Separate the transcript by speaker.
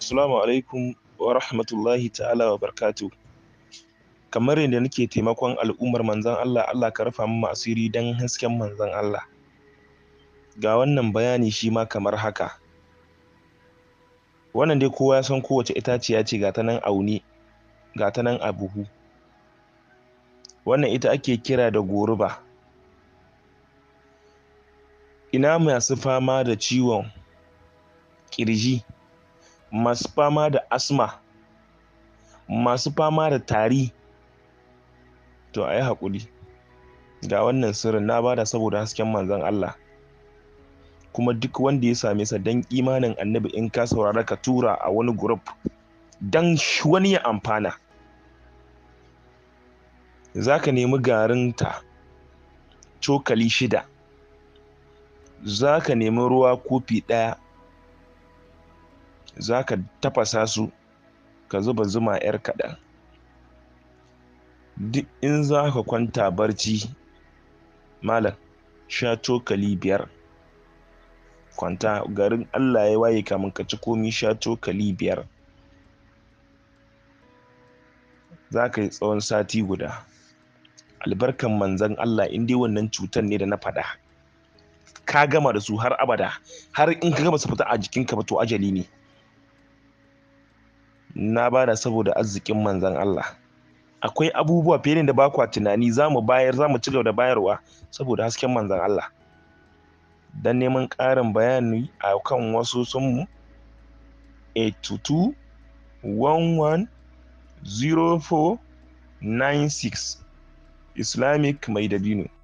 Speaker 1: Assalamu alaikum wa rahmatullahi ta'ala wa barkatu. Kamar yadda nake taimakon al'ummar manzan Allah, Allah ka rufa min asiri don hasken manzan Allah. Ga wannan bayani shi ma kamar haka. Wannan dai kowa ya san kowace itaciya ce ga ta nan auni, ga ta nan a Wannan ita ake kira da goruba. Ina masu fama da ciwon ƙirji. masu fama da asma masu fama da tari to a yi haƙuri ga wannan sirrin na bada saboda hasken manzon Allah kuma duk wanda ya same sa dan imanin annabi in ka saurara ka tura a wani group dan wani ya amfana za ka nemi garinta cokali shida za ka nemi ruwa kofi ɗaya za ka tafasa su ka zuba zuma 'yar kaɗan duk in za ka kwanta barci malam sha cokali biyar kwanta garin allah ya waye kamun ka ci komi sha cokali biyar za ka yi tsawon sati guda albarkan manzan allah in dai wannan cutar ne da na faɗa ka gama da su har abada har in ka gama su fita a jikinka ba to ajali ne na bada saboda arzikin manzan Allah akwai abubuwa fiye da ba kwa tunani za mu bayar za mu ci gaba da bayarwa saboda hasken manzan Allah don neman ƙarin bayani a kan wasu sunmu 822 11 96. islamic mai dabino